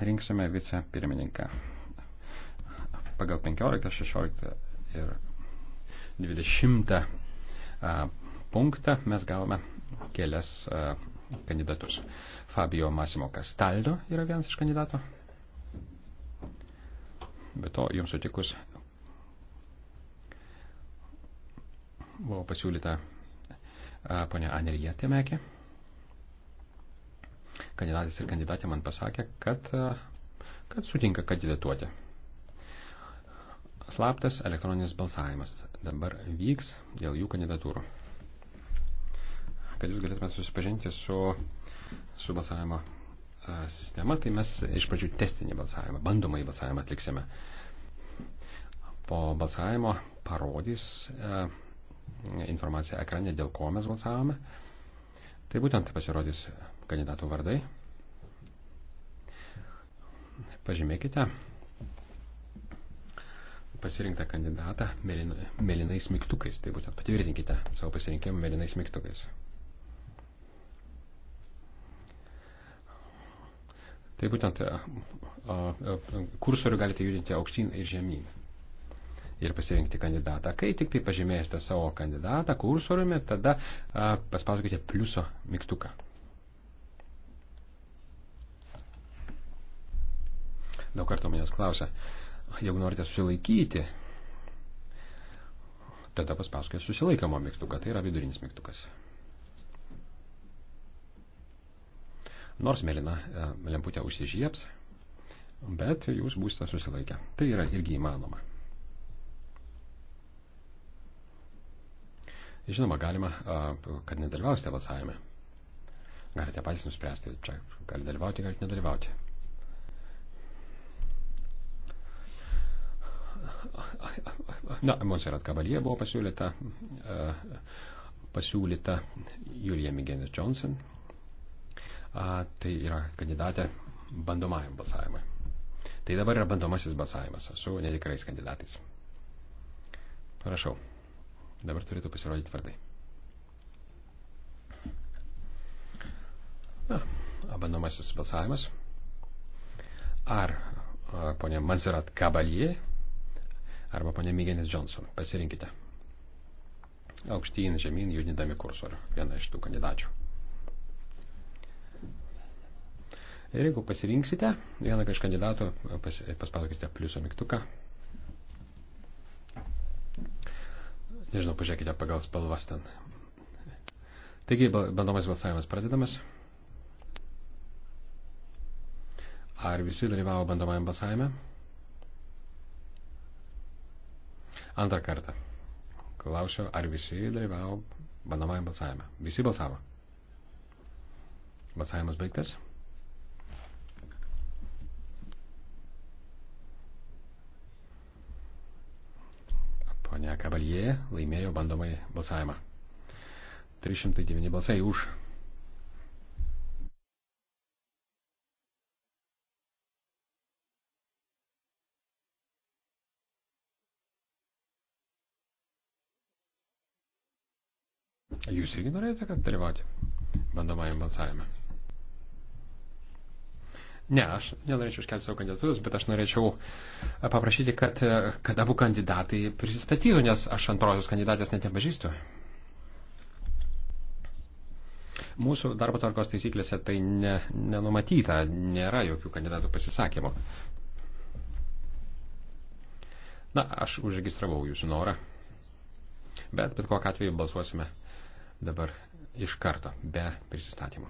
rinksime vicepirmininką pagal 15, 16 ir 20 punktą mes gavome kelias kandidatus. Fabio Masimo Castaldo yra vienas iš kandidatų. Be to, jums sutikus buvo pasiūlyta ponia Anelija Temekė kandidatas ir kandidatė man pasakė, kad, kad sutinka kandidatuoti. Slaptas elektroninis balsavimas dabar vyks dėl jų kandidatūrų. Kad jūs galėtumėte susipažinti su, su balsavimo sistema, tai mes iš pradžių testinį balsavimą, bandomąjį balsavimą atliksime. Po balsavimo parodys e, informaciją ekrane, dėl ko mes balsavome. Tai būtent pasirodys kandidatų vardai. Pažymėkite pasirinktą kandidatą mėlynais mygtukais. Tai būtent patvirtinkite savo pasirinkimą mėlynais mygtukais. Tai būtent kursorių galite judinti aukštyn ir žemyn ir pasirinkti kandidatą. Kai tik tai pažymėsite savo kandidatą kursoriumi, tada paspauskite pliuso mygtuką. daug kartų manęs klausia, jeigu norite susilaikyti, tada paspauskite susilaikamo mygtuką, tai yra vidurinis mygtukas. Nors mėlyna e, lemputė užsižieps, bet jūs būsite susilaikę. Tai yra irgi įmanoma. Žinoma, galima, e, kad nedalyvausite balsavime. Galite patys nuspręsti, čia gali dalyvauti, galite nedalyvauti. Na, Monserrat Kabalie buvo pasiūlyta, e, pasiūlyta Julija Migenis Johnson. Tai yra kandidatė bandomajam balsavimui. Tai dabar yra bandomasis balsavimas su netikrais kandidatais. Parašau. Dabar turėtų pasirodyti vardai. Na, bandomasis balsavimas. Ar ponia Manserat Kabalie arba ponė Mygenis Johnson. Pasirinkite. Aukštyn, žemyn, judindami kursorių. Viena iš tų kandidačių. Ir jeigu pasirinksite vieną iš kandidatų, pas, paspaudokite pliuso mygtuką. Nežinau, pažiūrėkite pagal spalvas ten. Taigi, bandomas balsavimas pradedamas. Ar visi dalyvavo bandomajam balsavime? Antrą kartą. Klausiu, ar visi dalyvavo bandomajam balsavime. Visi balsavo. Balsavimas baigtas. Pone Kabaljė laimėjo bandomai balsavimą. 309 balsai už. Jūs irgi norėjote, kad dalyvauti bandomajam balsavime? Ne, aš nenorėčiau iškelti savo kandidatus, bet aš norėčiau e, paprašyti, kad, e, kad abu kandidatai prisistatytų, nes aš antrosios kandidatės net nepažįstu. Mūsų darbo tvarkos taisyklėse tai ne, nenumatyta, nėra jokių kandidatų pasisakymų. Na, aš užregistravau jūsų norą, bet bet kokiu atveju balsuosime dabar iš karto, be prisistatymų.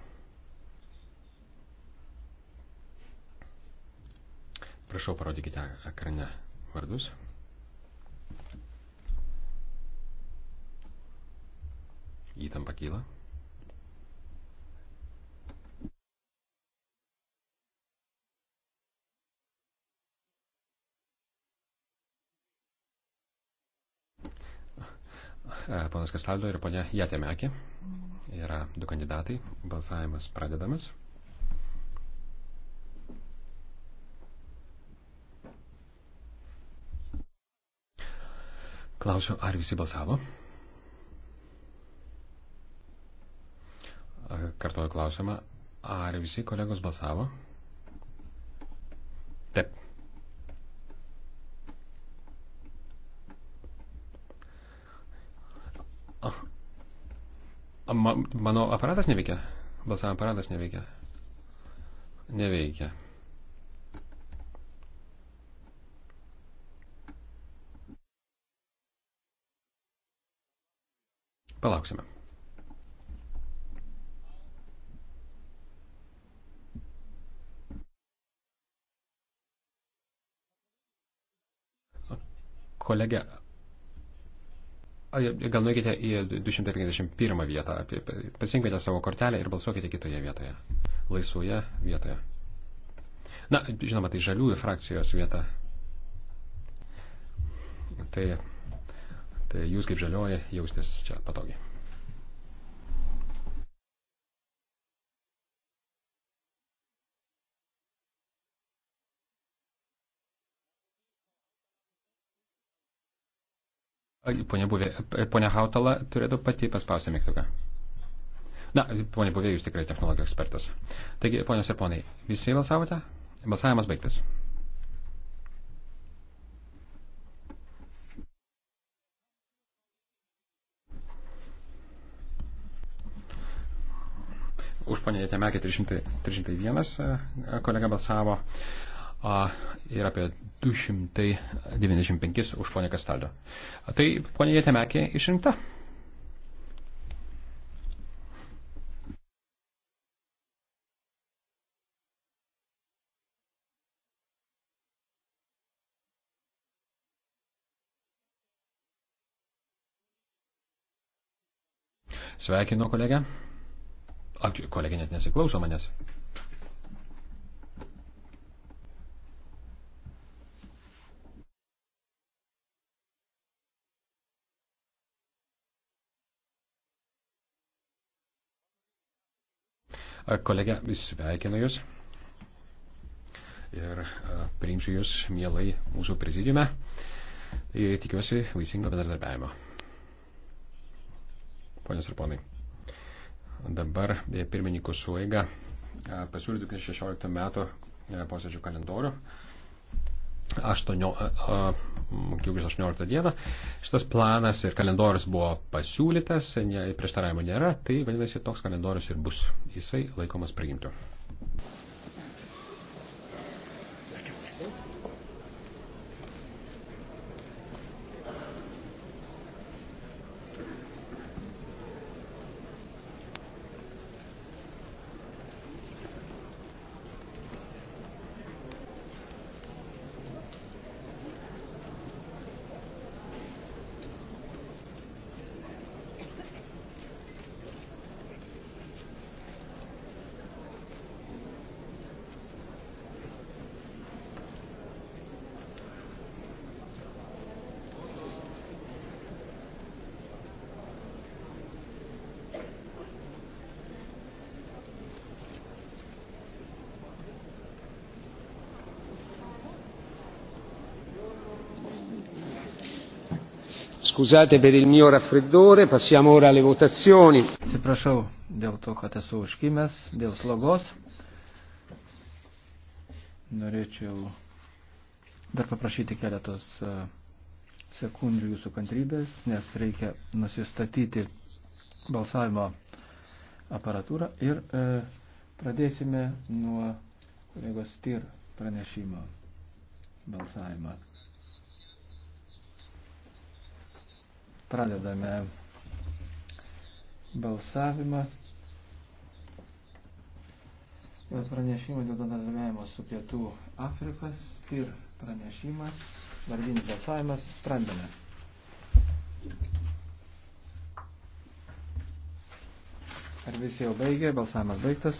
Prašau, parodykite ekrane vardus. Įtampa kyla. E, ponas Kastaldo ir ponia Jatemekė. Yra du kandidatai. Balsavimas pradedamas. Klausiu, ar visi balsavo? E, Kartuoju klausimą, ar visi kolegos balsavo? ma, mano aparatas neveikia. Balsavimo aparatas neveikia. Neveikia. Palauksime. Kolegė Gal nuėkite į 251 vietą, pasirinkite savo kortelę ir balsuokite kitoje vietoje, laisvoje vietoje. Na, žinoma, tai žaliųjų frakcijos vieta. Tai, tai jūs kaip žalioji jaustės čia patogiai. Ponia, Buvė, e, ponia Hautala turėtų pati paspausti mygtuką. Na, ponia Buvė, jūs tikrai technologijų ekspertas. Taigi, ponios ir ponai, visi balsavote? Balsavimas baigtas. Už ponę Jėtemekį 301 kolega balsavo ir apie 295 už ponę Kastaldo. Tai ponė Jėtemekė išrinkta. Sveikinu kolegę. Kolegė net nesiklauso manęs. Kolegė, sveikinu Jūs ir priimsiu Jūs mielai mūsų prezidiume. Tikiuosi vaisingo bendradarbiavimo. Ponios ir ponai, dabar e, pirmininkų suėga pasiūlytų 16 metų e, posėdžių kalendorių gegužės 18 dieną. Šitas planas ir kalendorius buvo pasiūlytas, ne, prieštaravimo nėra, tai vadinasi, toks kalendorius ir bus. Jisai laikomas priimtų. Scusate per il mio raffreddore, passiamo ora alle votazioni. Atsiprašau dėl to, kad esu užkimęs, dėl slogos. Norėčiau dar paprašyti keletos e, sekundžių jūsų kantrybės, nes reikia nusistatyti balsavimo aparatūrą ir e, pradėsime nuo kolegos TIR pranešimo balsavimą. Pradedame balsavimą. Pranešimai dėl bendradarbiavimo su Pietų Afrikas ir pranešimas, vardinis balsavimas, pradedame. Ar visi jau baigė? Balsavimas baigtas.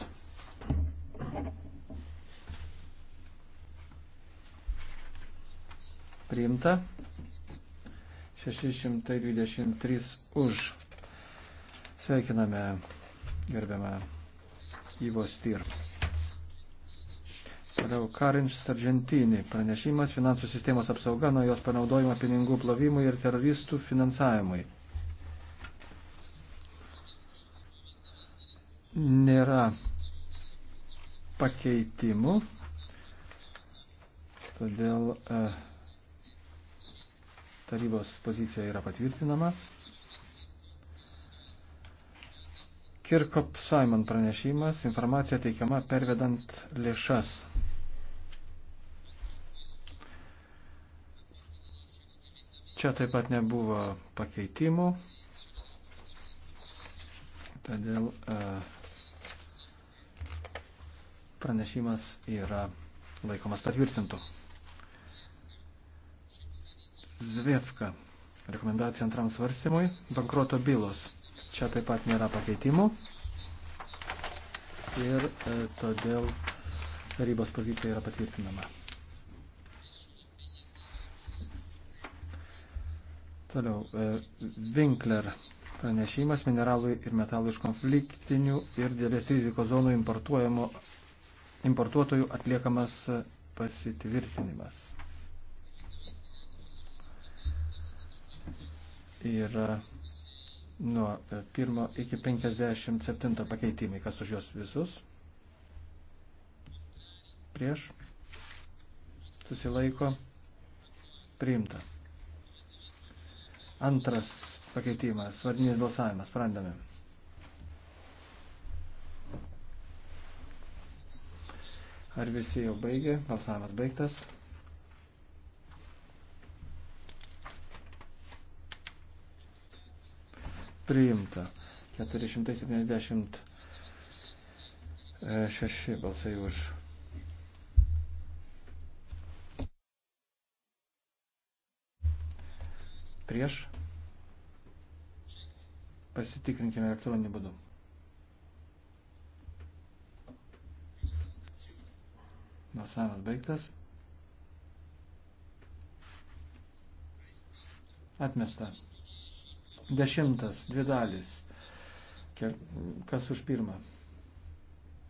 Priimta. 623 už. Sveikiname gerbiamą Įvos Tyr. Toliau Karinč Sargentinį pranešimas finansų sistemos apsauga nuo jos panaudojimo pinigų plovimui ir teroristų finansavimui. Nėra pakeitimų, todėl uh, Tarybos pozicija yra patvirtinama. Kirkop Simon pranešimas, informacija teikiama pervedant lėšas. Čia taip pat nebuvo pakeitimų, todėl e, pranešimas yra laikomas patvirtintų. Zviefka. Rekomendacija antram svarstymui. Bankroto bylos. Čia taip pat nėra pakeitimų. Ir e, todėl tarybos pozicija yra patvirtinama. Toliau. E, Winkler pranešimas mineralų ir metalų iš konfliktinių ir dėlės rizikos zonų importuotojų atliekamas e, pasitvirtinimas. yra nuo 1 iki 57 pakeitimai. Kas už juos visus? Prieš. Susilaiko. Priimta. Antras pakeitimas. Vardinis balsavimas. Prandame. Ar visi jau baigė? Balsavimas baigtas. priimta. 476 balsai už. Prieš. Pasitikrinkime elektroninį būdų. Balsavimas baigtas. Atmesta. Dešimtas, dvi dalis. Kas už pirmą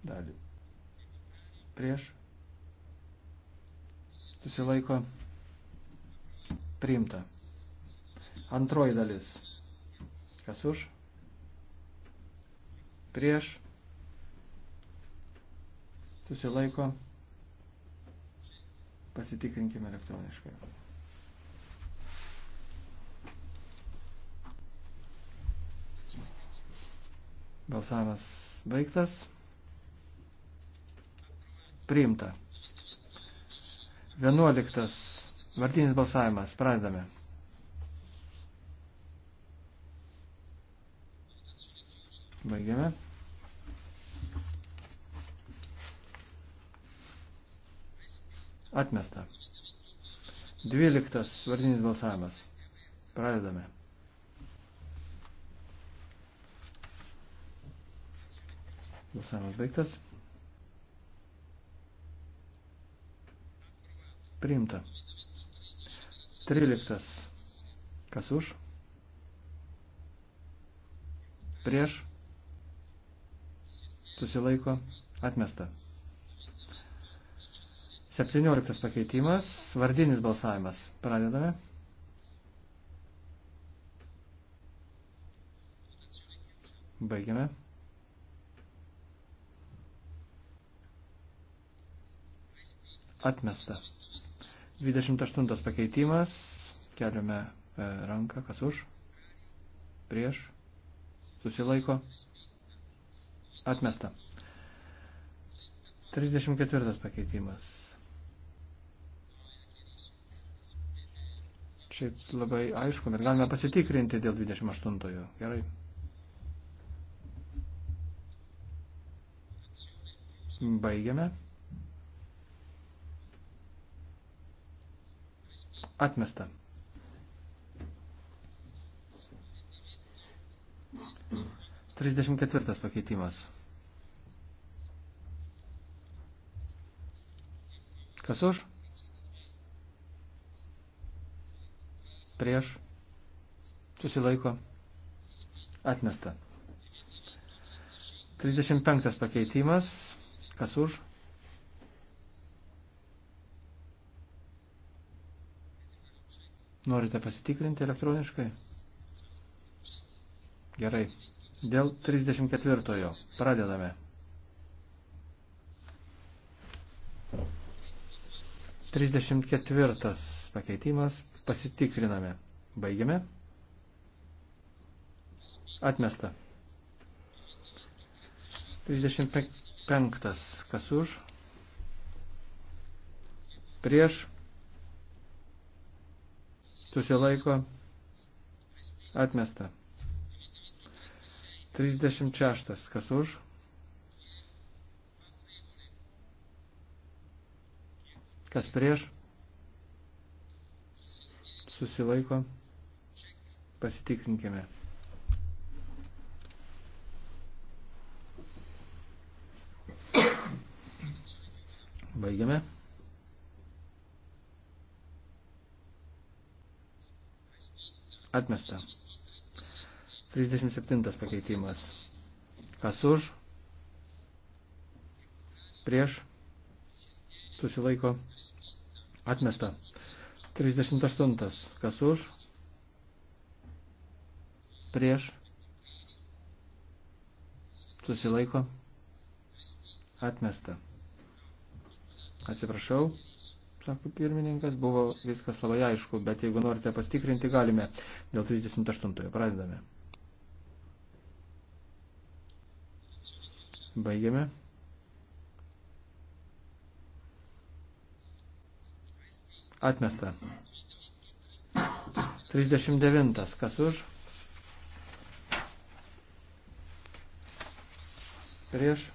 dalį? Prieš? Susilaiko? Priimta. Antroji dalis. Kas už? Prieš? Susilaiko? Pasitikrinkime elektroniškai. Balsavimas baigtas. Priimta. Vienuoliktas vardinis balsavimas. Pradedame. Baigiame. Atmesta. Dvyliktas vardinis balsavimas. Pradedame. Balsavimas baigtas. Priimta. 13. Kas už? Prieš. Susilaiko. Atmesta. 17 pakeitimas. Vardinis balsavimas. Pradedame. Baigiame. Atmesta. 28 pakeitimas. Keliame e, ranką, kas už. Prieš. Susilaiko. Atmesta. 34 pakeitimas. Čia labai aišku, bet galime pasitikrinti dėl 28-ojo. Gerai. Baigiame. Atmesta. Trisdešimt ketvirtas pakeitimas. Kas už? Prieš. Susilaiko. Atmesta. 35 pakeitimas. Kas už? Norite pasitikrinti elektroniškai? Gerai. Dėl 34. Pradedame. 34. Pakeitimas. Pasitikriname. Baigiame. Atmesta. 35. Kas už? Prieš susilaiko atmesta. 36. Kas už? Kas prieš? Susilaiko. Pasitikrinkime. Baigiame. Atmesta. 37 pakeitimas. Kas už? Prieš? Susilaiko? Atmesta. 38. Kas už? Prieš? Susilaiko? Atmesta. Atsiprašau sako pirmininkas, buvo viskas labai aišku, bet jeigu norite pastikrinti, galime dėl 38. Pradedame. Baigiame. Atmesta. 39. Kas už? Prieš.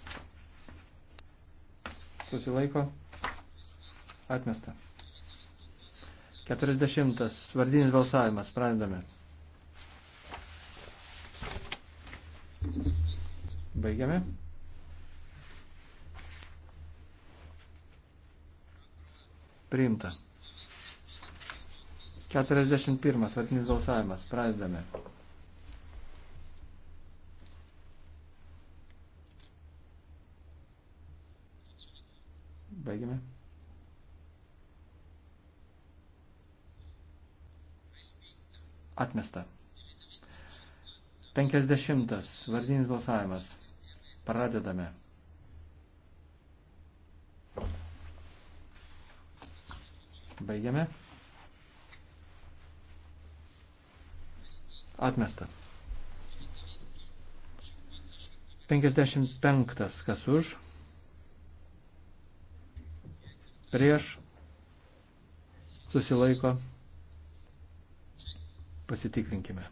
Susilaiko. Atmesta. 40. Vardinis balsavimas. Pradedame. Baigiame. Priimta. 41. Vardinis balsavimas. Pradedame. Baigiame. Atmesta. 50. Vardinis balsavimas. Pradedame. Baigiame. Atmesta. 55. Kas už? Prieš. Susilaiko. Pasitikrinkime.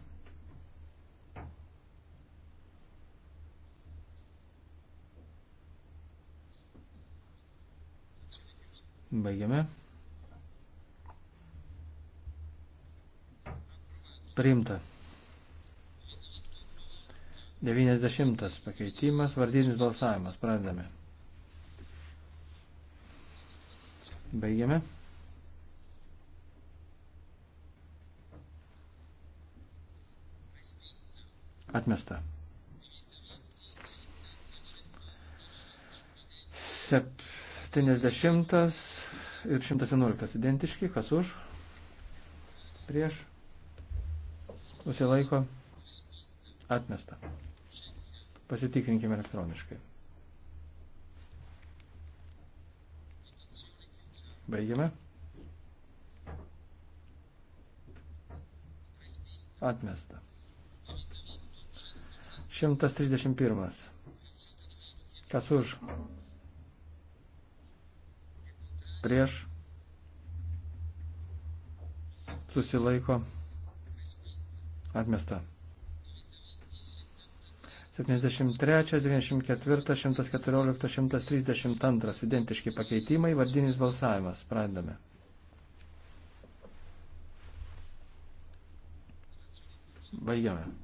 Baigiame. Priimta. 90 pakeitimas, vardinis balsavimas. Pradedame. Baigiame. Atmesta. 70 ir 111 identiški, kas už, prieš, susilaiko, atmesta. Pasitikrinkime elektroniškai. Baigiame. Atmesta. 131. Kas už? Prieš? Susilaiko? Atmesta. 73, 94, 114, 132. Identiški pakeitimai, vardinis balsavimas. Pradedame. Baigiame.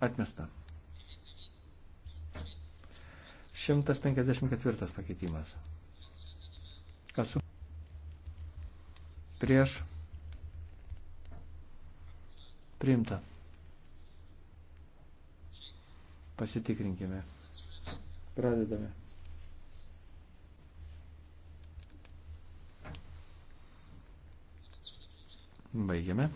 Atmesta. 154 pakeitimas. Kas su? Prieš. Priimta. Pasitikrinkime. Pradedame. Baigiame.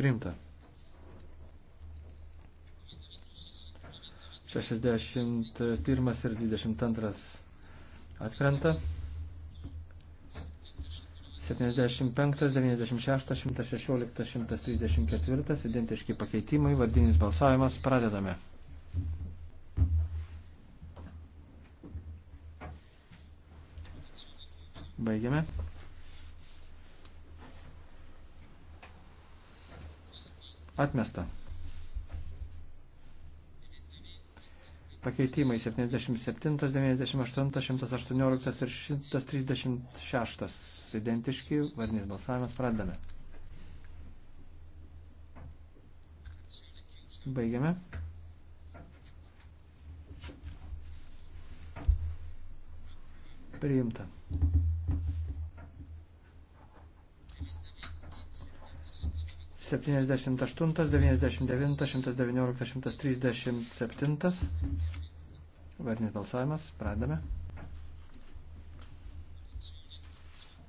Priimta. 61 ir 22 atkrenta. 75, 96, 116, 134 identiški pakeitimai, vardinis balsavimas, pradedame. Baigiame. Atmesta. Pakeitimai 77, 98, 118 ir 136 identiški. Vardinis balsavimas pradame. Baigiame. Priimta. 78, 99, 119, 137. Vardinis balsavimas. Pradame.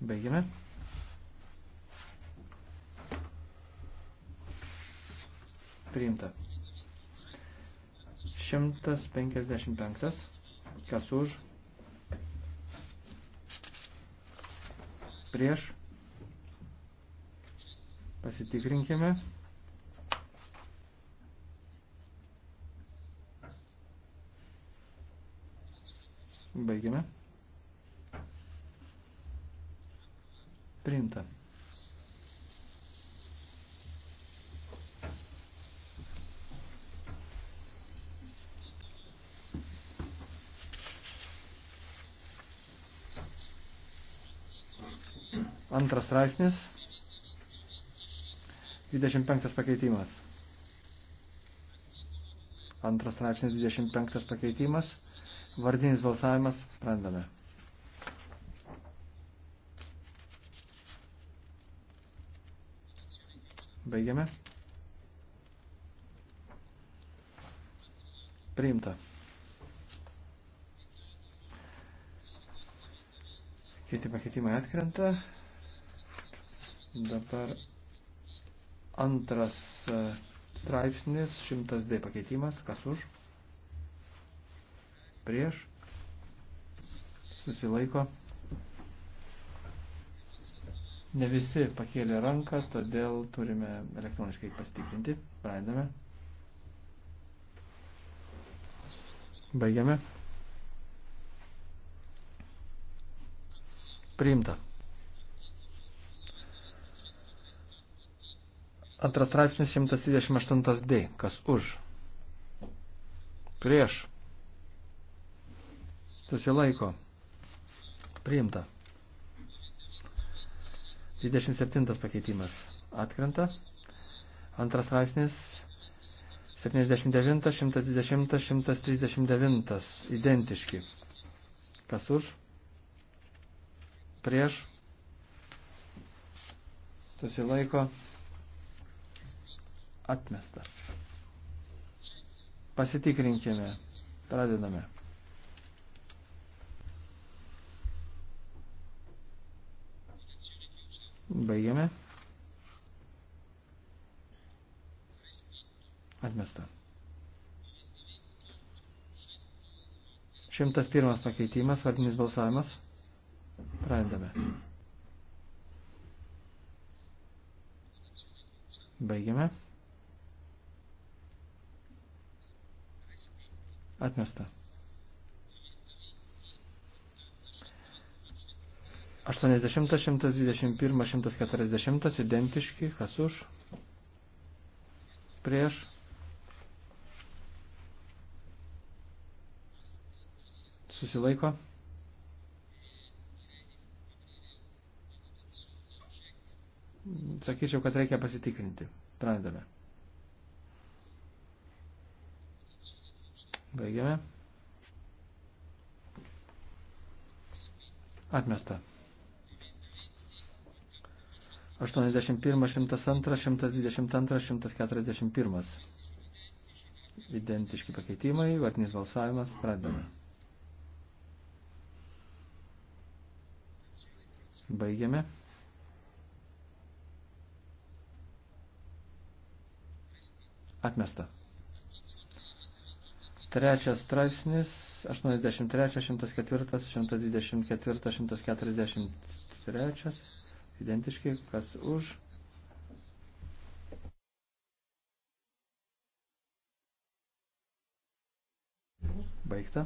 Baigime. Priimta. 155. Kas už? Prieš. Pasitikrinkime. Baigime. Priimta. Antras straipsnis. 25 pakeitimas. Antras straipsnis 25 pakeitimas. Vardinis balsavimas. Prandame. Baigiame. Priimta. Kiti pakeitimai atkrenta. Dabar Antras e, straipsnis, 100D pakeitimas, kas už, prieš, susilaiko. Ne visi pakėlė ranką, todėl turime elektroniškai pasitikrinti. Pradedame. Baigiame. Priimta. Antras straipsnis 138 D. Kas už? Prieš. Susilaiko. Priimta. 27 pakeitimas atkrenta. Antras straipsnis 79, 120, 139 identiški. Kas už? Prieš. Susilaiko. Atmesta. Pasitikrinkime. Pradedame. Baigiame. Atmesta. Šimtas pirmas pakeitimas, vardinis balsavimas. Pradedame. Baigiame. Atmesta. 80, 121, 140 identiški, kas už, prieš, susilaiko. Sakyčiau, kad reikia pasitikrinti. Pradedame. Baigiame. Atmesta. 81, 102, 122, 141. Identiški pakeitimai, vartinis balsavimas, pradedame. Baigiame. Atmesta. Trečias straipsnis 83, 104, 124, 143. Identiškai, kas už. Baigta.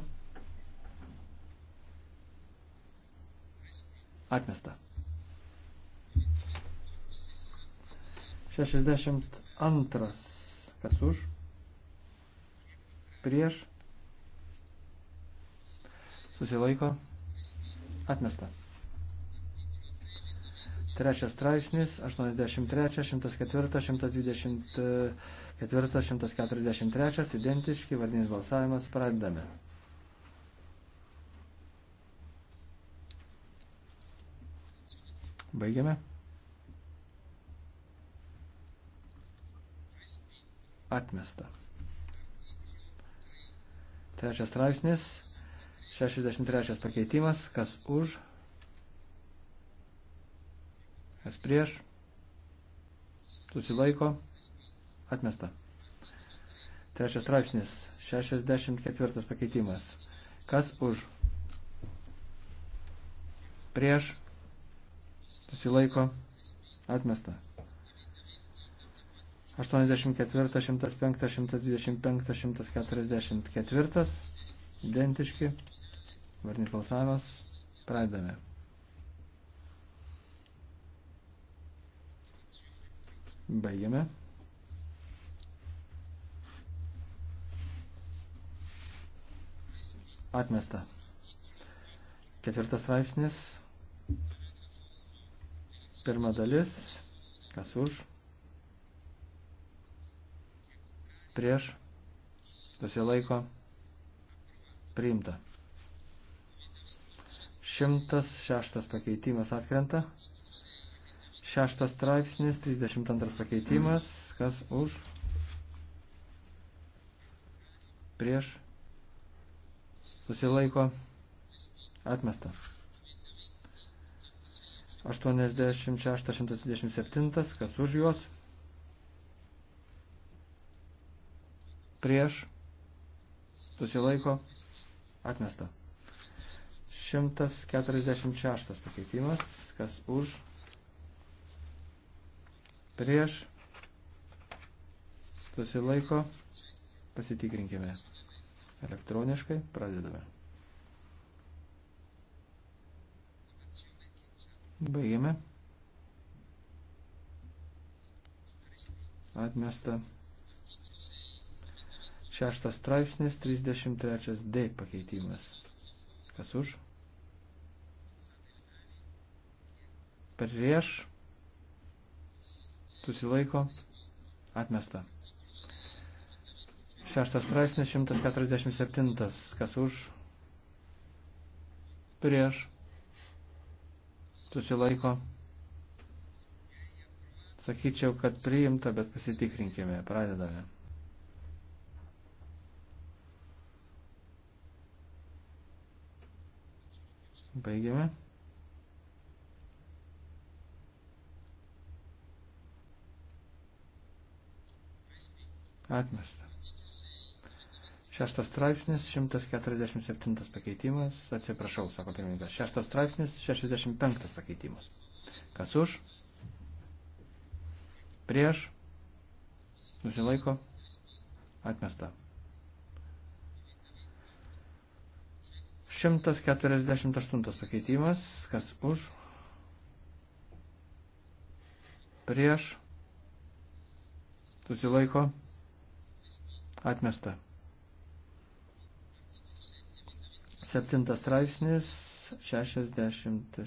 Atmesta. 62. Kas už prieš, susilaiko, atmesta. Trečias straipsnis, 83, 104, 124, 143, identiški, vardinis balsavimas, pradedame. Baigiame. Atmesta. Trečias straipsnis, 63 pakeitimas, kas už, kas prieš, susilaiko, atmesta. Trečias straipsnis, 64 pakeitimas, kas už, prieš, susilaiko, atmesta. 84, 105, 125, 144. Identiški. Varnis balsavimas. Pradedame. Baigiame. Atmesta. Ketvirtas straipsnis. Pirma dalis. Kas už? prieš, susilaiko, priimta. 106 pakeitimas atkrenta. 6 straipsnis, 32 pakeitimas, kas už, prieš, susilaiko, atmesta. 86-127, kas už juos, prieš, susilaiko, atmesta. 146 pakeitimas, kas už, prieš, susilaiko, pasitikrinkime elektroniškai, pradedame. Baigiame. Atmesta Šeštas straipsnis, 33 D pakeitimas. Kas už? Prieš. Susilaiko. Atmesta. Šeštas straipsnis, 147. Kas už? Prieš. Susilaiko. Sakyčiau, kad priimta, bet pasitikrinkime. Pradedame. Baigiame. Atmesta. Šeštas straipsnis, 147 pakeitimas, atsiprašau, sako pirmininkas. Šeštas straipsnis, 65 pakeitimas. Kas už? Prieš? Susilaiko? Atmesta. 148 pakeitimas, kas už, prieš, susilaiko, atmesta. Septintas straipsnis, 66,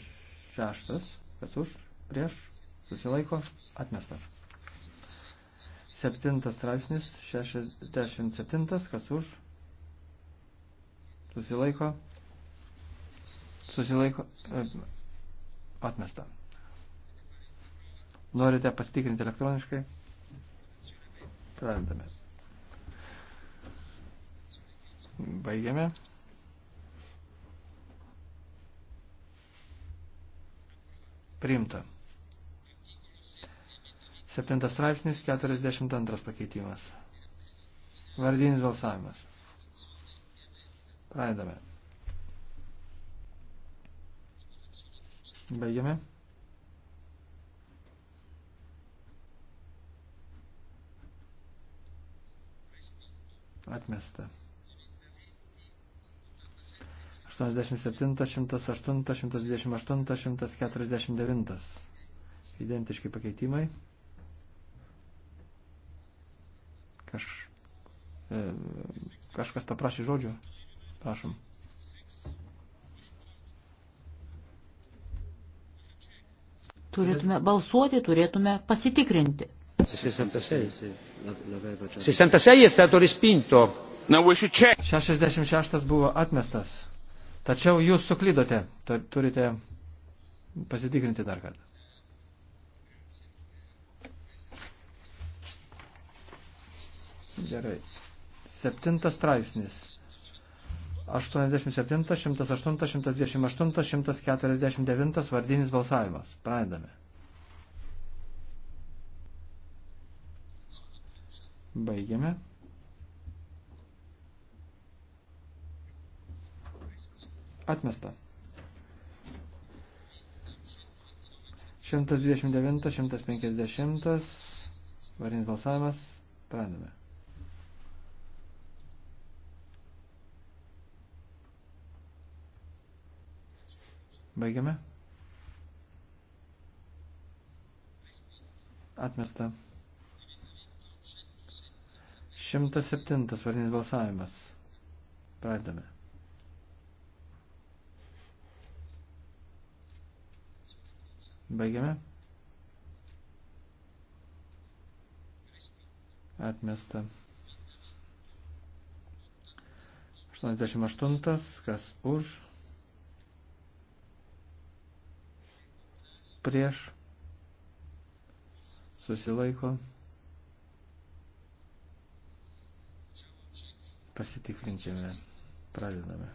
kas už, prieš, susilaiko, atmesta. Septintas straipsnis, 67, kas už, susilaiko, atmesta susilaiko e, atmesta. Norite pasitikrinti elektroniškai? Pradedame. Baigiame. Priimta. Septintas straipsnis, 42 pakeitimas. Vardinis balsavimas. Pradedame. Baigiame. Atmesta. 87, 108, 128, 149. Identiški pakeitimai. Kaž, e, kažkas paprašė žodžio. Prašom. turėtume balsuoti, turėtume pasitikrinti. 66, la, la 66 è stato respinto. 66 buvo atmestas. Tačiau jūs suklydote. Turite pasitikrinti dar kartą. Gerai. Septintas straipsnis. 87, 108, 128, 149 vardinis balsavimas. Pradedame. Baigiame. Atmesta. 129, 150 varinis balsavimas. Pradedame. Baigiame. Atmesta. 107 vardinis balsavimas. Pradedame. Baigiame. Atmesta. 88. Kas už? prieš, susilaiko, pasitikrinčiame, pradedame.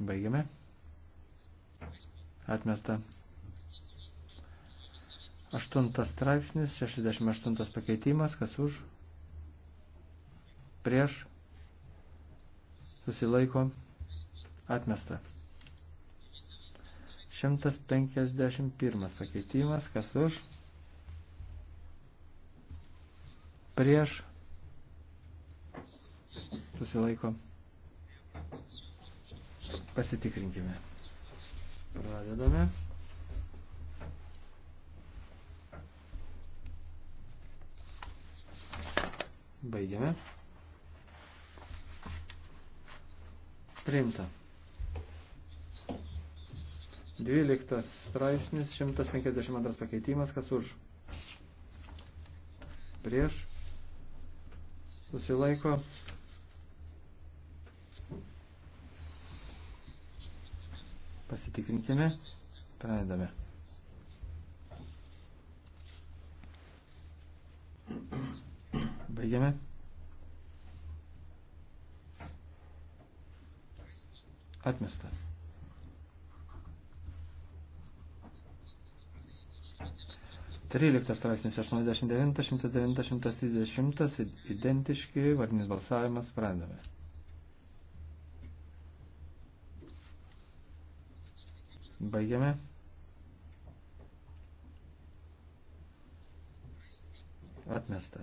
Baigiame. Atmesta. Aštuntas straipsnis, 68 pakeitimas, kas už? prieš, susilaiko, atmesta. 151 pakeitimas, kas už, prieš, susilaiko, pasitikrinkime. Pradedame. Baigiame. Priimta. 12 straipsnis, 152 pakeitimas, kas už. Prieš. Susilaiko. Pasitikrinkime. Pradedame. Baigiame. Atmestas. Tryliktas straipsnis 89, 109, 120 identiški vardinis balsavimas sprendame. Baigiame. Atmesta.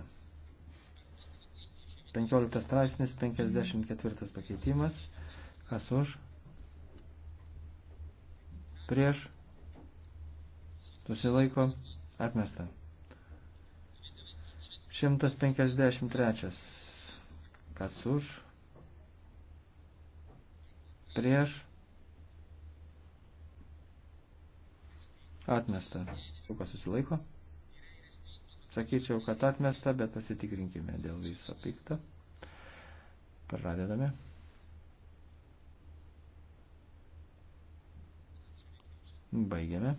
15 straipsnis, 54 pakeitimas. Kas už? prieš, susilaiko, atmesta. 153. Kas už, prieš, atmesta. Kas susilaiko? Sakyčiau, kad atmesta, bet pasitikrinkime dėl viso pikto. Pradedame. Baigiame.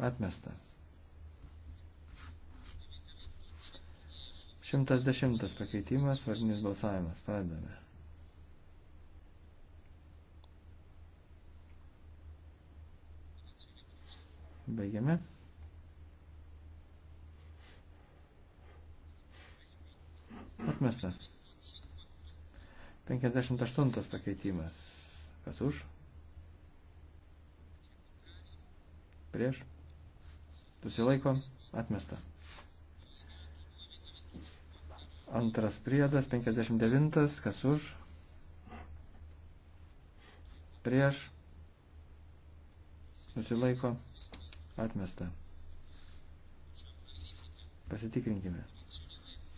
Atmesta. 110 pakeitimas, vardinis balsavimas. Pradedame. Baigiame. Atmesta. 58 pakeitimas. Kas už? Prieš? Susilaiko? Atmesta. Antras priedas, 59, kas už? Prieš? Susilaiko? Atmesta. Pasitikrinkime.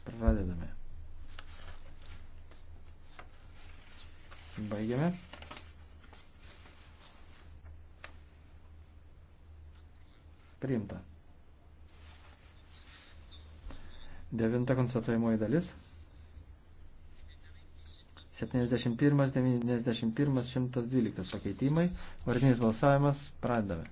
Pradedame. Baigiame. Priimta. Devinta konstatuojamoji dalis. 71, 91, 112 pakeitimai. Vardinis balsavimas. Pradedame.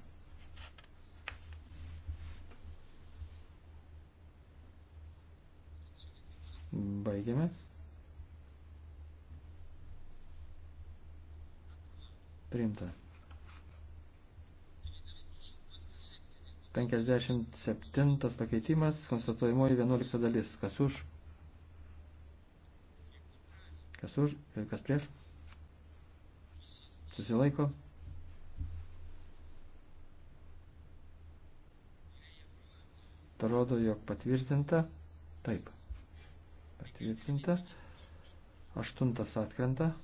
Baigiame. Priimta. 57 pakeitimas, konstatuojamoji 11 dalis. Kas už? Kas už ir kas prieš? Susilaiko. Atrodo, jog patvirtinta. Taip. Patvirtinta. Aštuntas atkrenta.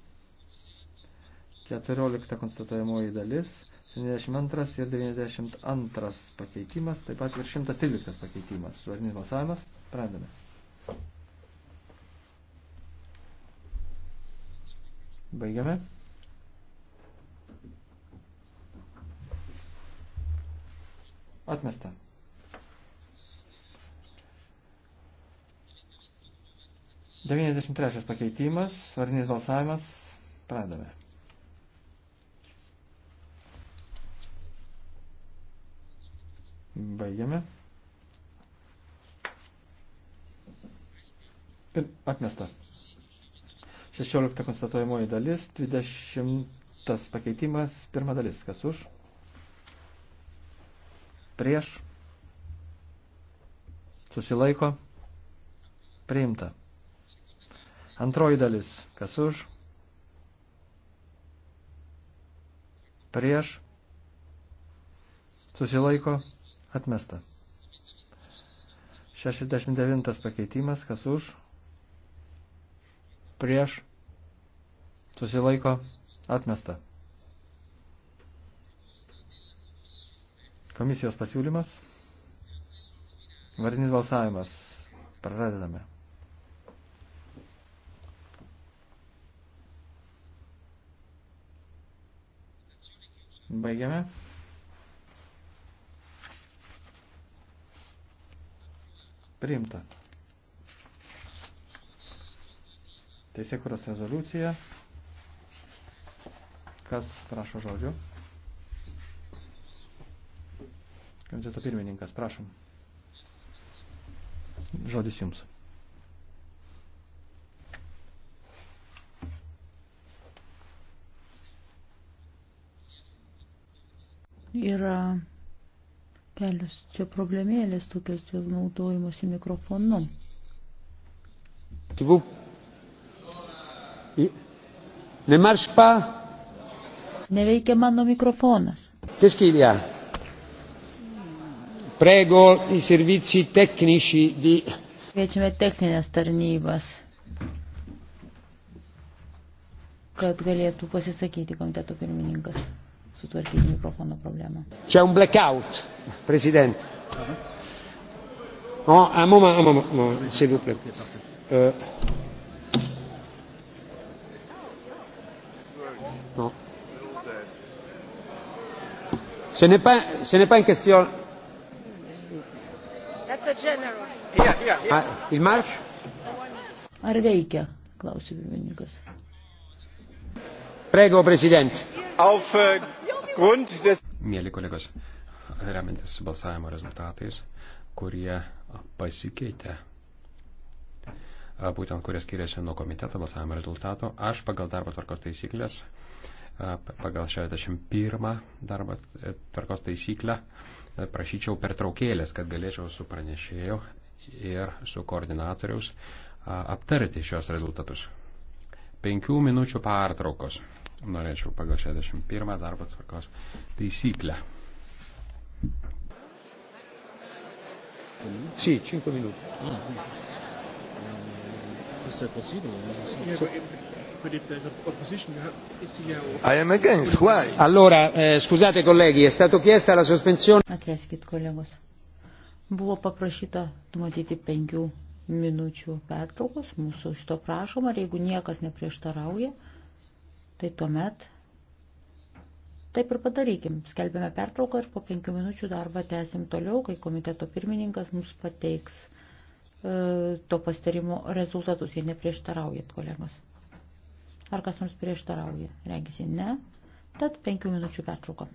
14 konstatuojamoji dalis, 72 ir 92 pakeitimas, taip pat ir 113 pakeitimas. Vardinis balsavimas, pradame. Baigiame. Atmesta. Devyniasdešimt trečias pakeitimas, vardinis balsavimas, pradame. Baigiame. Ir atmesta. 16 konstatuojamoji dalis, 20 pakeitimas, pirma dalis, kas už, prieš, susilaiko, priimta. Antroji dalis, kas už, prieš, susilaiko, priimta Atmesta. 69 pakeitimas, kas už, prieš, susilaiko, atmesta. Komisijos pasiūlymas, vardinis balsavimas, pradedame. Baigiame. Priimta. Teisėkuros rezoliucija. Kas prašo žodžio? Komiteto pirmininkas, prašom. Žodis jums. Yra kelios čia problemėlės tokios dėl naudojimosi mikrofonu. Vous. Ne marche pas. Neveikia mano mikrofonas. Qu'est-ce qu'il y a? Prego i servizi tecnici di. Kviečiame techninės tarnybas, kad galėtų pasisakyti komiteto pirmininkas sutvarkyti mikrofono problemą. Čia un blackout, prezident. No, un moment, un moment, un moment s'il vous plaît. Euh, non. Ce n'est pas, ce n'est pas une question. That's a general. Here, here, here. Ah, il marche? Ar veikia, klausė pirmininkas. Prego, prezident. Äh, Mėly kolegos, remiantis balsavimo rezultatais, kurie pasikeitė, būtent kurie skiriasi nuo komiteto balsavimo rezultato, aš pagal darbo tvarkos taisyklės, pagal 61 darbo e, tvarkos taisyklę, e, prašyčiau pertraukėlės, kad galėčiau su pranešėju ir su koordinatoriaus aptarti šios rezultatus. Penkių minučių pertraukos norėčiau pagal 61 darbo tvarkos taisyklę. Sì, 5 minuti. Ah. Questo è possibile? I am against, why? Allora, eh, scusate colleghi, è stato chiesta la sospensione. Atleiskit kolegos. Buvo paprašyta numatyti penkių minučių pertraukos, mūsų šito prašoma, ir jeigu niekas neprieštarauja, tai tuomet taip ir padarykim. Skelbėme pertrauką ir po penkių minučių darbą tęsim toliau, kai komiteto pirmininkas mums pateiks e, to pastarimo rezultatus, jei neprieštaraujat, kolegos. Ar kas nors prieštarauja? Regisi ne. Tad penkių minučių pertrauką.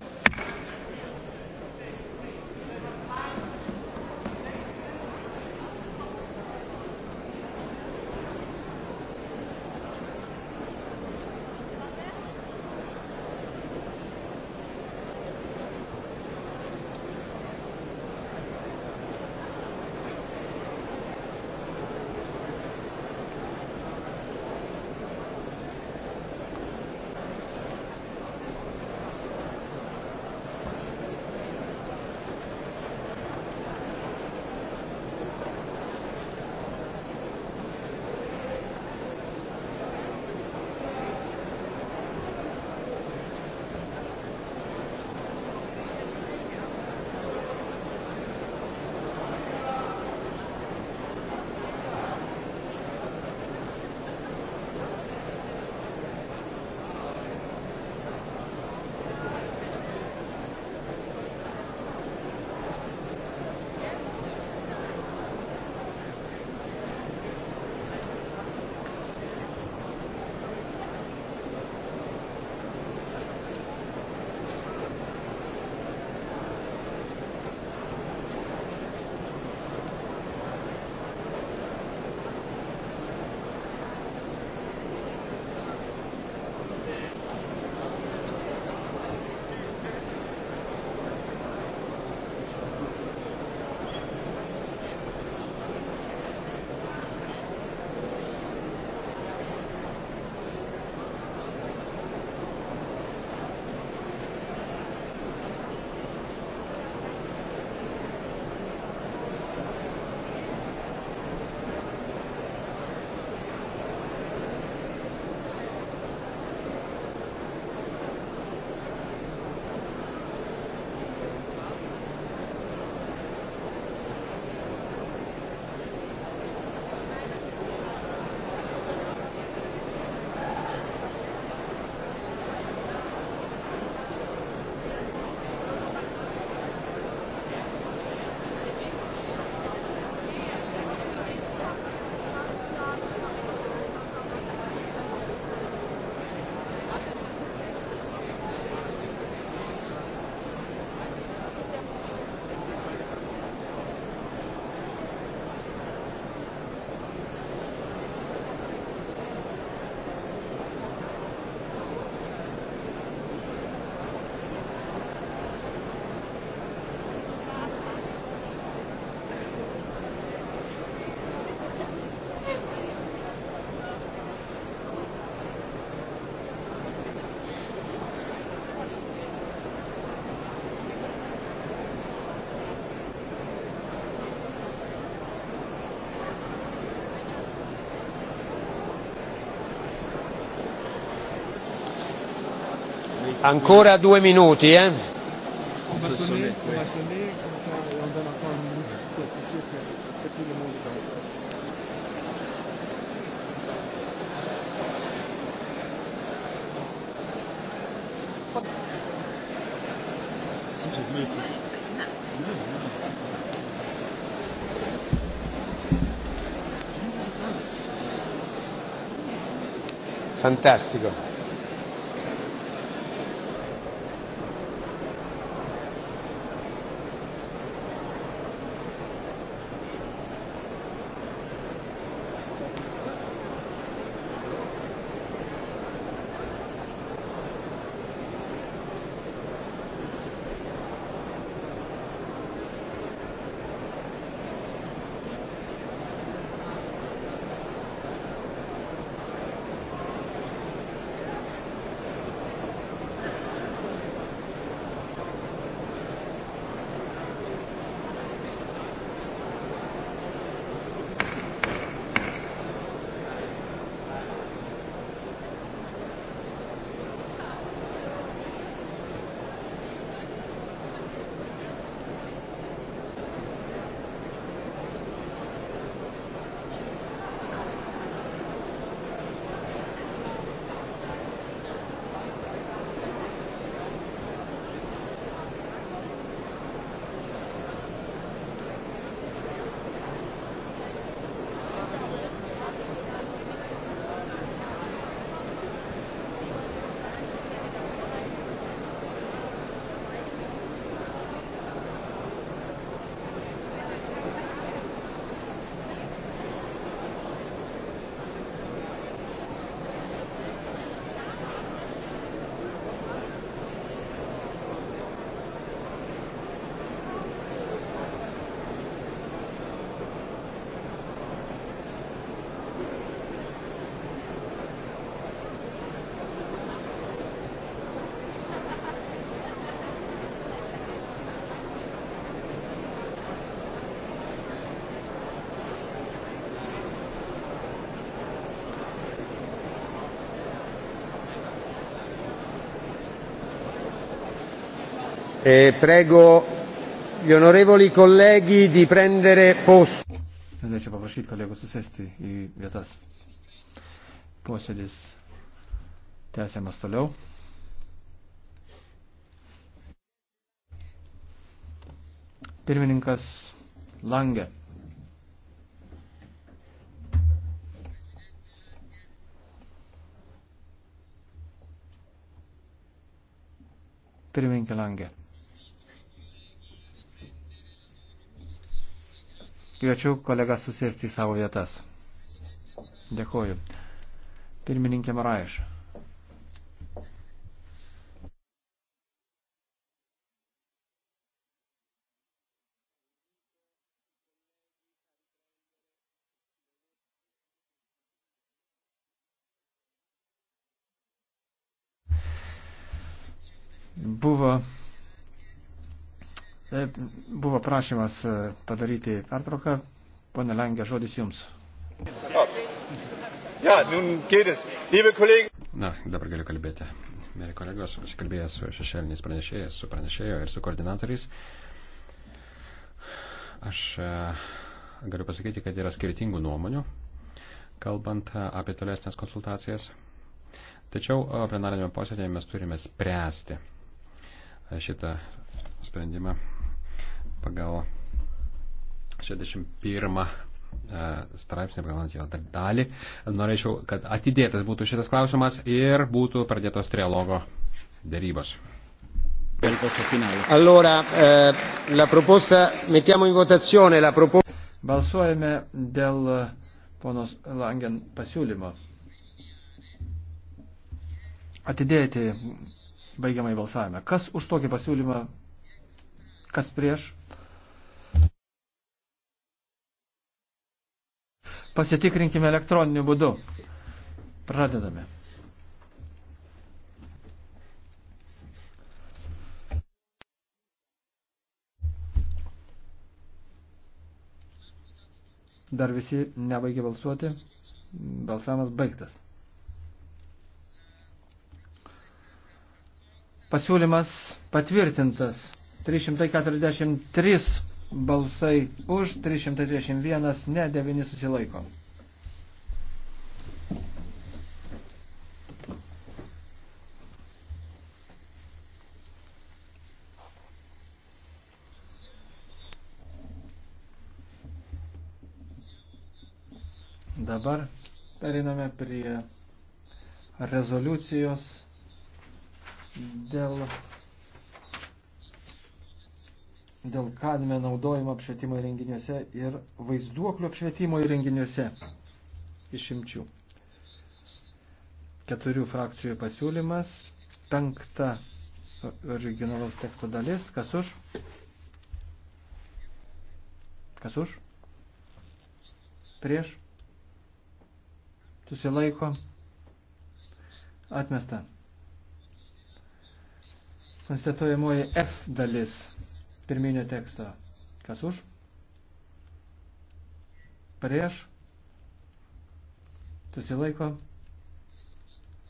Ancora due minuti, eh? Fantastico. E prego gli onorevoli colleghi di prendere posto. Norėčiau paprašyti kolegų susėsti į vietas. Posėdis tęsiamas toliau. Pirmininkas Lange. Pirmininkė Lange. Kviečiu kolegą susėsti į savo vietas. Dėkuoju. Pirmininkė Maraiš. Buvo E, buvo prašymas e, padaryti pertrauką. Pone Lengė, žodis jums. Na, dabar galiu kalbėti. Mėly kolegos, pasikalbėjęs su šešėliniais pranešėjais, su pranešėjo ir su koordinatoriais. Aš e, galiu pasakyti, kad yra skirtingų nuomonių, kalbant apie tolesnės konsultacijas. Tačiau plenarinėme posėdėje mes turime spręsti šitą sprendimą pagal 61 e, straipsnį, apgalant jo dalį. Norėčiau, kad atidėtas būtų šitas klausimas ir būtų pradėtos trialogo dėrybos. Allora, eh, la proposta, mettiamo in votazione la proposta. Balsuojame dėl ponos Langen pasiūlymo. Atidėti baigiamai balsavimą. Kas už tokį pasiūlymą, kas prieš? Pasitikrinkime elektroniniu būdu. Pradedame. Dar visi nebaigė balsuoti. Balsamas baigtas. Pasiūlymas patvirtintas. 343 balsai už, 331 ne, 9 susilaiko. Dabar periname prie rezoliucijos dėl dėl kadmio naudojimo apšvietimo įrenginiuose ir vaizduoklio apšvietimo įrenginiuose išimčių. Keturių frakcijų pasiūlymas, penkta originalaus teksto dalis, kas už? Kas už? Prieš? Susilaiko? Atmesta. Konstatuojamoji F dalis pirminio teksto. Kas už? Prieš? Susilaiko?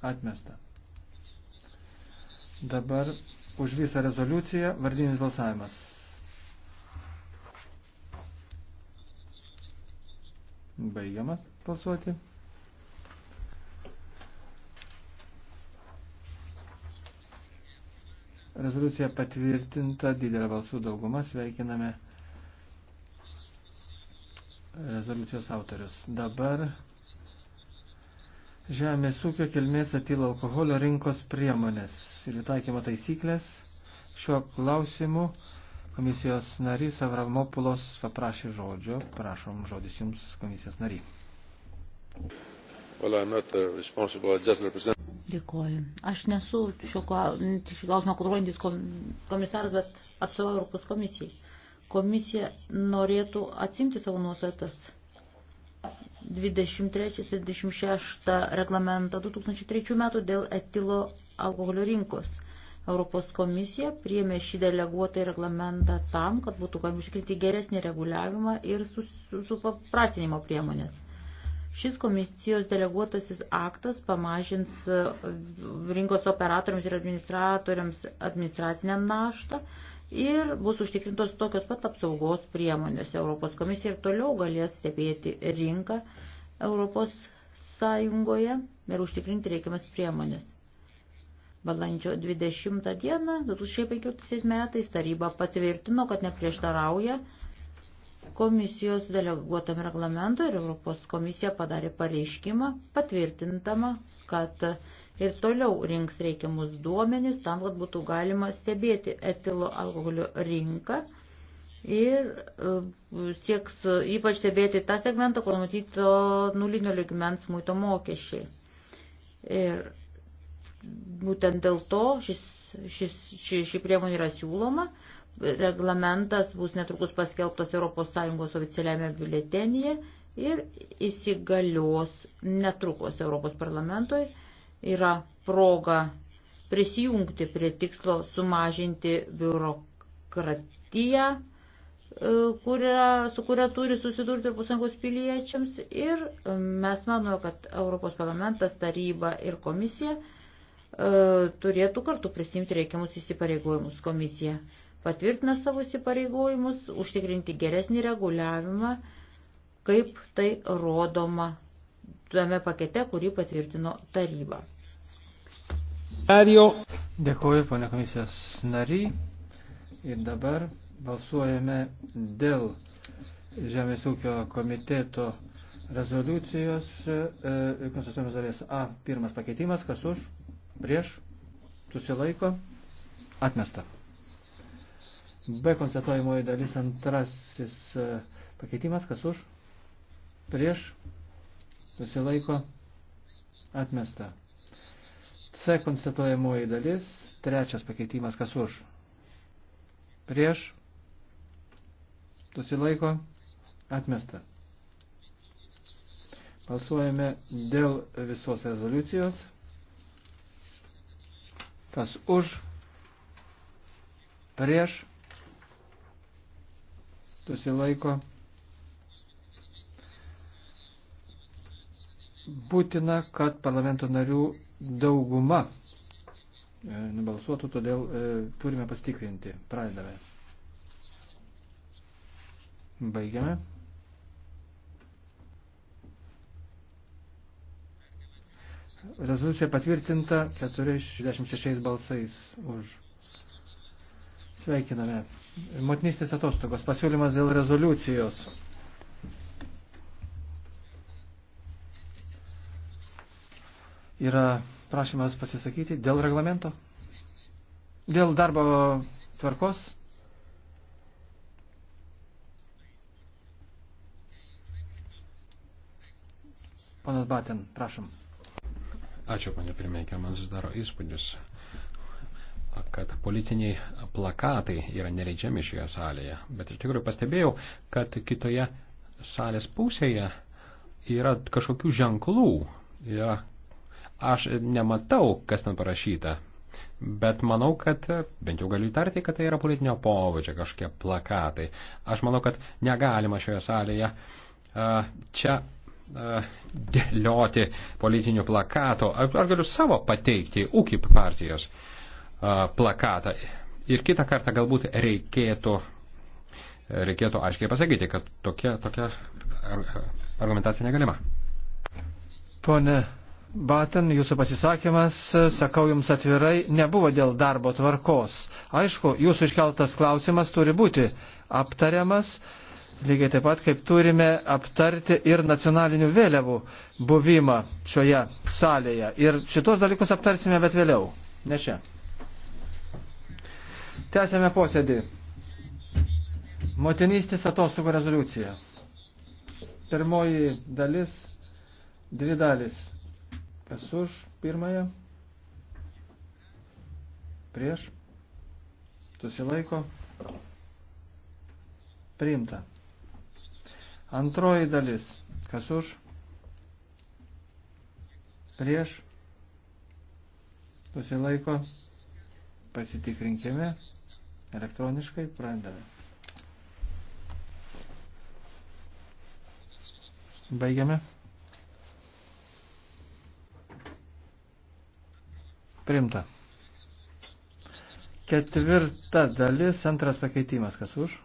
Atmesta. Dabar už visą rezoliuciją vardinis balsavimas. Baigiamas balsuoti. rezoliucija patvirtinta didelė balsų dauguma. Sveikiname rezoliucijos autorius. Dabar žemės ūkio kilmės atilo alkoholio rinkos priemonės ir taikymo taisyklės. Šiuo klausimu komisijos narys Avramopulos paprašė žodžio. Prašom žodis jums komisijos nariai. Well, I'm not uh, responsible, just represent Dėkoju. Aš nesu šio klausimo kontroliuojantis komisaras, bet atstovauju Europos komisijai. Komisija norėtų atsimti savo nuostatas 23-26 reglamentą 2003 metų dėl etilo alkoholio rinkos. Europos komisija priėmė šį deleguotą reglamentą tam, kad būtų galima užkilti geresnį reguliavimą ir supaprastinimo priemonės. Šis komisijos deleguotasis aktas pamažins e, rinkos operatoriams ir administratoriams administracinę naštą ir bus užtikrintos tokios pat apsaugos priemonės. Europos komisija ir toliau galės stebėti rinką Europos Sąjungoje ir užtikrinti reikiamas priemonės. Balandžio 20 dieną 2015 metais taryba patvirtino, kad neprieštarauja komisijos deleguotam reglamentui ir Europos komisija padarė pareiškimą patvirtintama, kad ir toliau rinks reikiamus duomenys tam, kad būtų galima stebėti etilo alkoholio rinką ir e, sieks ypač stebėti tą segmentą, kur numatyto nulinio ligmens muito mokesčiai. Ir būtent dėl to šis, šis, ši, ši priemonė yra siūloma. Reglamentas bus netrukus paskelbtas ES oficialiame biuletenyje ir įsigalios netrukus Europos parlamentoj. Yra proga prisijungti prie tikslo sumažinti biurokratiją, e, kuria, su kuria turi susidurti ir pusangos piliečiams. Ir e, mes manome, kad Europos parlamentas, taryba ir komisija e, turėtų kartu prisimti reikiamus įsipareigojimus. Komisija patvirtina savo įsipareigojimus užtikrinti geresnį reguliavimą, kaip tai rodoma tame pakete, kurį patvirtino taryba. Ario. Dėkuoju, ponia komisijos nariai. Ir dabar balsuojame dėl Žemės ūkio komiteto rezoliucijos e, konstitucijos dalies A. Pirmas pakeitimas, kas už, prieš, susilaiko, atmesta. B konstatuojamoji dalis antrasis e, pakeitimas, kas už, prieš, susilaiko, atmesta. C konstatuojamoji dalis, trečias pakeitimas, kas už, prieš, susilaiko, atmesta. Balsuojame dėl visos rezoliucijos. Kas už, prieš, susilaiko. Būtina, kad parlamento narių dauguma e, nubalsuotų, todėl e, turime pastikrinti. Pradedame. Baigiame. Rezoliucija patvirtinta 466 balsais už. Sveikiname. Motinystės atostogos pasiūlymas dėl rezoliucijos. Yra prašymas pasisakyti dėl reglamento, dėl darbo tvarkos. Panas Batin, prašom. Ačiū, panė pirmininkė, man susidaro įspūdis, kad politiniai plakatai yra neleidžiami šioje salėje. Bet iš tikrųjų pastebėjau, kad kitoje salės pusėje yra kažkokių ženklų. Yra, aš nematau, kas ten parašyta. Bet manau, kad bent jau galiu įtarti, kad tai yra politinio pobūdžio kažkokie plakatai. Aš manau, kad negalima šioje salėje čia dėlioti politinių plakato. Aš galiu savo pateikti UKIP partijos plakatą. Ir kitą kartą galbūt reikėtų, reikėtų aiškiai pasakyti, kad tokia, tokia argumentacija negalima. Pone Batin, jūsų pasisakymas, sakau jums atvirai, nebuvo dėl darbo tvarkos. Aišku, jūsų iškeltas klausimas turi būti aptariamas, lygiai taip pat kaip turime aptarti ir nacionalinių vėliavų buvimą šioje salėje. Ir šitos dalykus aptarsime, bet vėliau, ne čia. Tęsėme posėdį. Motinystės atostogų rezoliucija. Pirmoji dalis, dvi dalis. Kas už pirmąją? Prieš? Susilaiko? Priimta. Antroji dalis. Kas už? Prieš? Susilaiko? Pasitikrinkime. Elektroniškai pradedame. Baigiame. Primta. Ketvirta dalis, antras pakeitimas, kas už?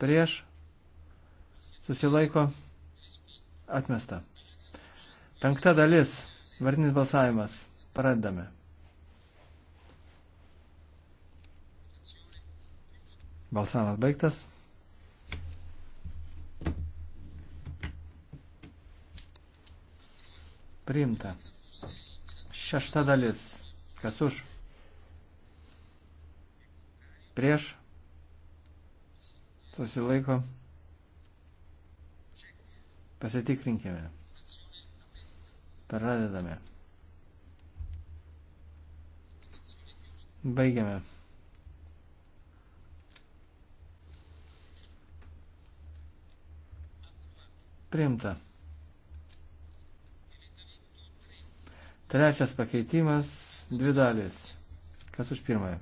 Prieš. Susilaiko. Atmesta. Penkta dalis, vardinis balsavimas. Pradedame. Balsavimas baigtas. Priimta. Šešta dalis. Kas už? Prieš. Susilaiko. Pasitikrinkime. Pradedame. Baigiame. Priimta. Trečias pakeitimas, dvi dalis. Kas už pirmąją?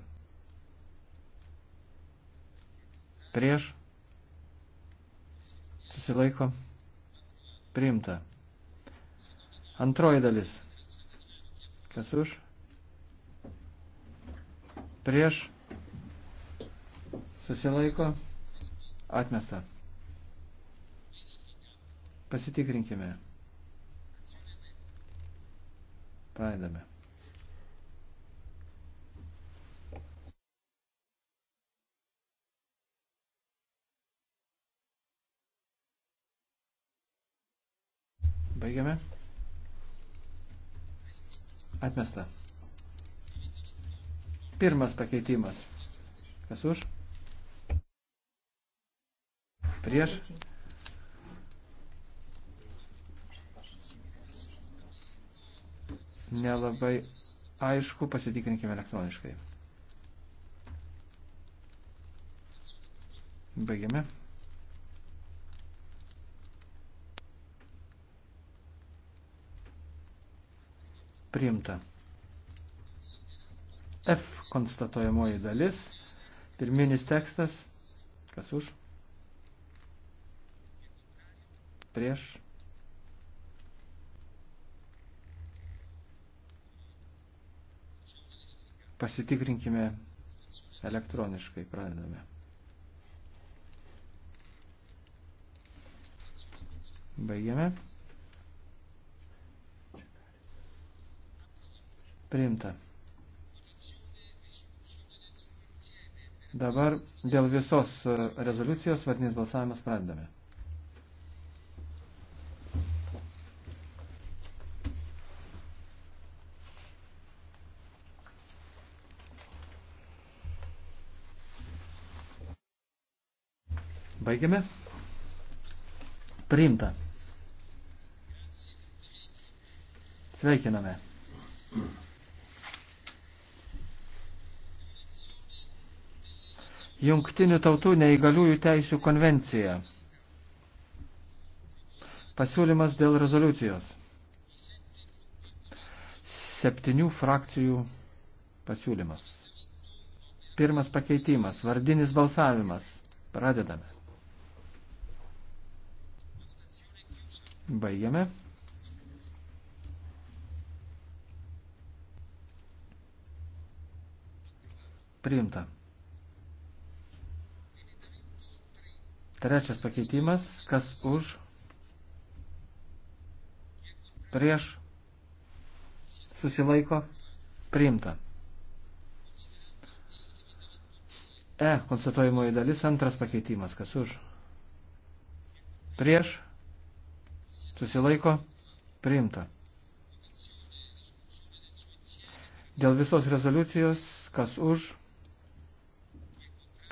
Prieš. Susilaiko. Priimta. Antroji dalis. Kas už? Prieš. Susilaiko. Atmesta. Pasitikrinkime. Pradedame. Baigiame. Atmesta. Pirmas pakeitimas. Kas už? Prieš nelabai aišku, pasitikrinkime elektroniškai. Baigiame. Priimta. F konstatuojamoji dalis. Pirminis tekstas. Kas už? Prieš. Pasitikrinkime elektroniškai, pradedame. Baigiame. Priimta. Dabar dėl visos e, rezoliucijos vadinis balsavimas pradedame. Baigiame. Priimta. Sveikiname. Jungtinių tautų neįgaliųjų teisių konvencija. Pasiūlymas dėl rezoliucijos. Septinių frakcijų pasiūlymas. Pirmas pakeitimas, vardinis balsavimas. Pradedame. Baigiame. Priimta. Trečias pakeitimas, kas už, prieš, susilaiko, priimta. E, konstatuojamoji dalis, antras pakeitimas, kas už, prieš, Susilaiko? Priimta. Dėl visos rezoliucijos, kas už,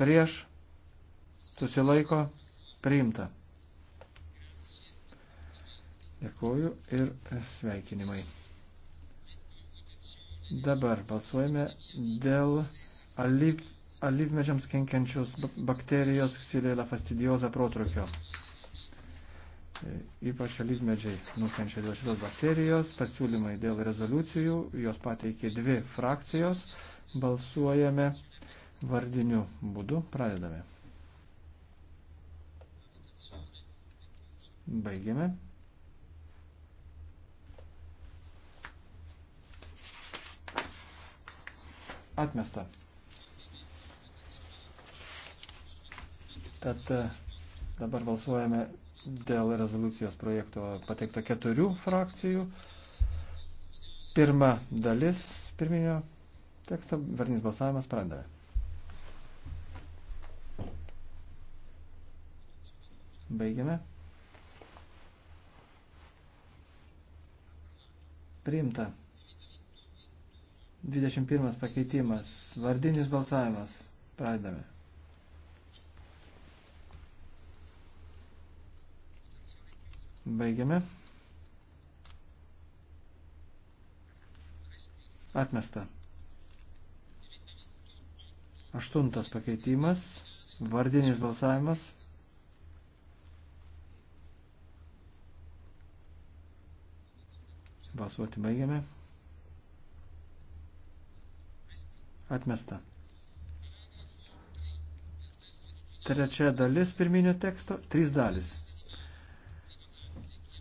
prieš, susilaiko, priimta. Dėkuoju ir sveikinimai. Dabar balsuojame dėl alyv, alyvmežiams kenkiančios bakterijos ksilėlę fastidioza protrukio ypač alyvmedžiai nukenčia dėl šitos bakterijos, pasiūlymai dėl rezoliucijų, jos pateikė dvi frakcijos, balsuojame vardiniu būdu, pradedame. Baigiame. Atmesta. Tad e, dabar balsuojame Dėl rezoliucijos projekto pateikta keturių frakcijų. Pirma dalis pirminio teksto, varnys balsavimas pradeda. Baigiame. Priimta. 21 pakeitimas. Vardinis balsavimas. Pradedame. Baigiame. Atmesta. Aštuntas pakeitimas. Vardinis balsavimas. Balsuoti baigiame. Atmesta. Trečia dalis pirminio teksto. Trys dalis.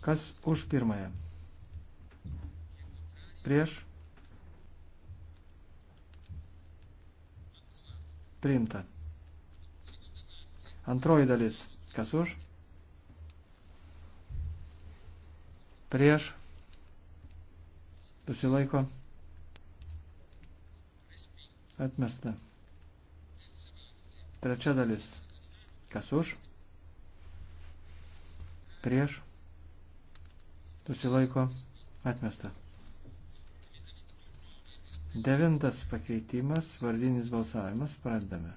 Kas už pirmąją? Prieš? Priimta. Antroji dalis. Kas už? Prieš? Susilaiko? Atmesta. Trečia dalis. Kas už? Prieš? susilaiko atmesta. Devintas pakeitimas, vardinis balsavimas, pradedame.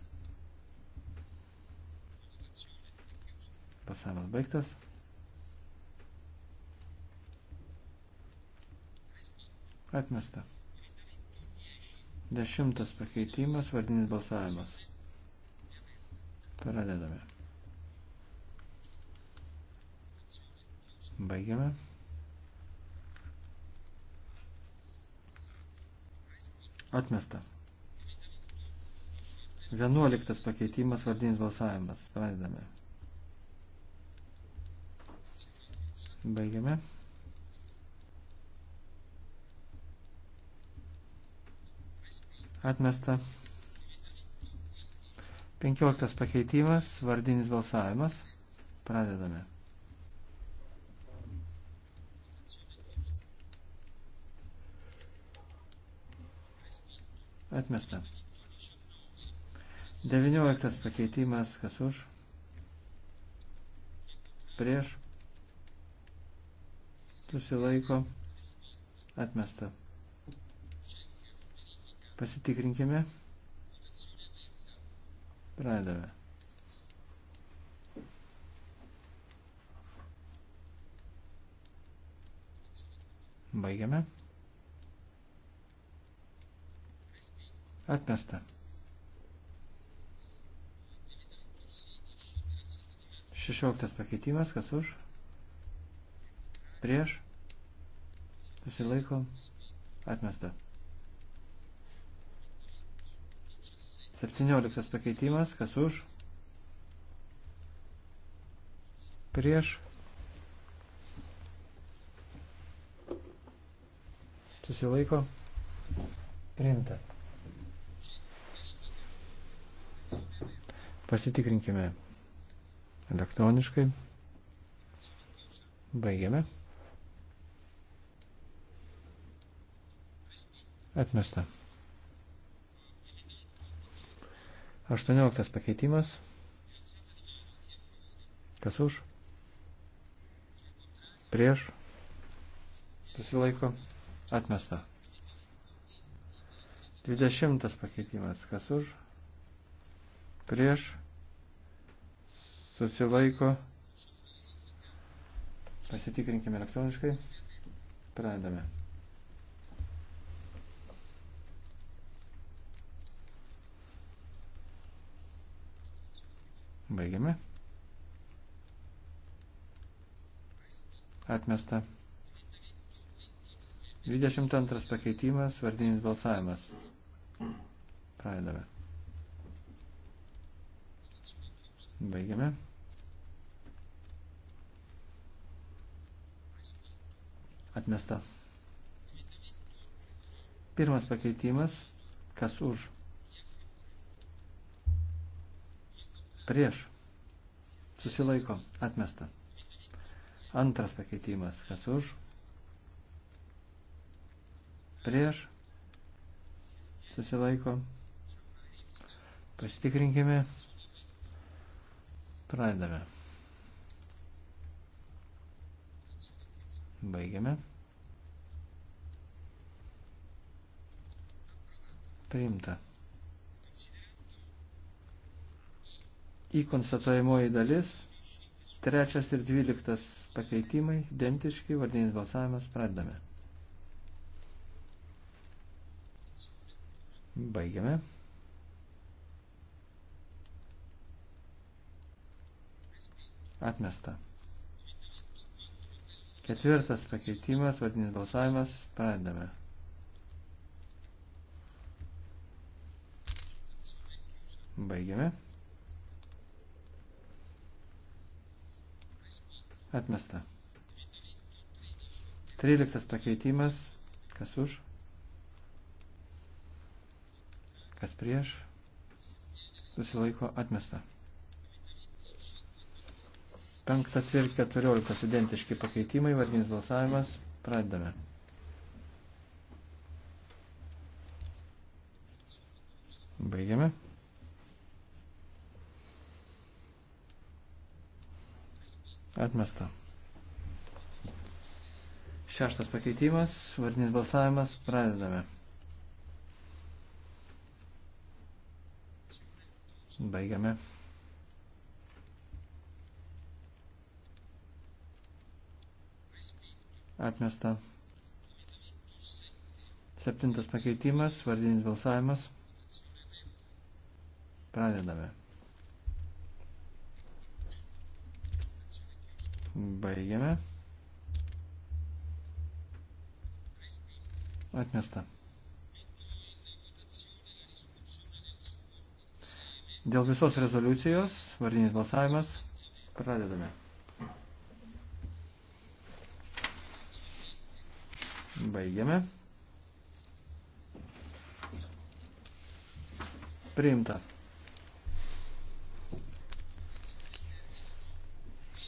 Balsavimas baigtas. Atmesta. Dešimtas pakeitimas, vardinis balsavimas. Pradedame. Baigiame. Atmesta. Vienuoliktas pakeitimas vardinis balsavimas. Pradedame. Baigiame. Atmesta. Penkioliktas pakeitimas vardinis balsavimas. Pradedame. Atmesta. 19 pakeitimas, kas už? Prieš. Susilaiko. Atmesta. Pasitikrinkime. Pradedame. Baigiame. Atmesta. Šešioliktas pakeitimas, kas už? Prieš? Susilaiko? Atmesta. Septynioliktas pakeitimas, kas už? Prieš? Susilaiko? Priimta. Pasitikrinkime elektroniškai. Baigiame. Atmesta. 18 pakeitimas. Kas už? Prieš. Susilaiko. Atmesta. 20 pakeitimas. Kas už? prieš, susilaiko, pasitikrinkime elektroniškai, pradame. Baigiame. Atmesta. 22 pakeitimas, vardinis balsavimas. Pradedame. Baigiame. Atmesta. Pirmas pakeitimas, kas už. Prieš. Susilaiko. Atmesta. Antras pakeitimas, kas už. Prieš. Susilaiko. Pasitikrinkime. Pasitikrinkime. Pradedame. Baigiame. Priimta. Į konstatuojamoji dalis Trečias ir dvyliktas pakeitimai, identiški, vardinis balsavimas, pradedame. Baigiame. Atmesta. Ketvirtas pakeitimas, vadinis balsavimas, pradedame. Baigiame. Atmesta. Tryliktas pakeitimas, kas už, kas prieš, susilaiko atmesta. Penktas ir keturioliktas identiški pakeitimai, vardinis balsavimas, pradedame. Baigiame. Atmesta. Šeštas pakeitimas, vardinis balsavimas, pradedame. Baigiame. atmesta. Septintas pakeitimas, vardinis balsavimas. Pradedame. Baigiame. Atmesta. Dėl visos rezoliucijos, vardinis balsavimas, pradedame. Baigiame. Priimta.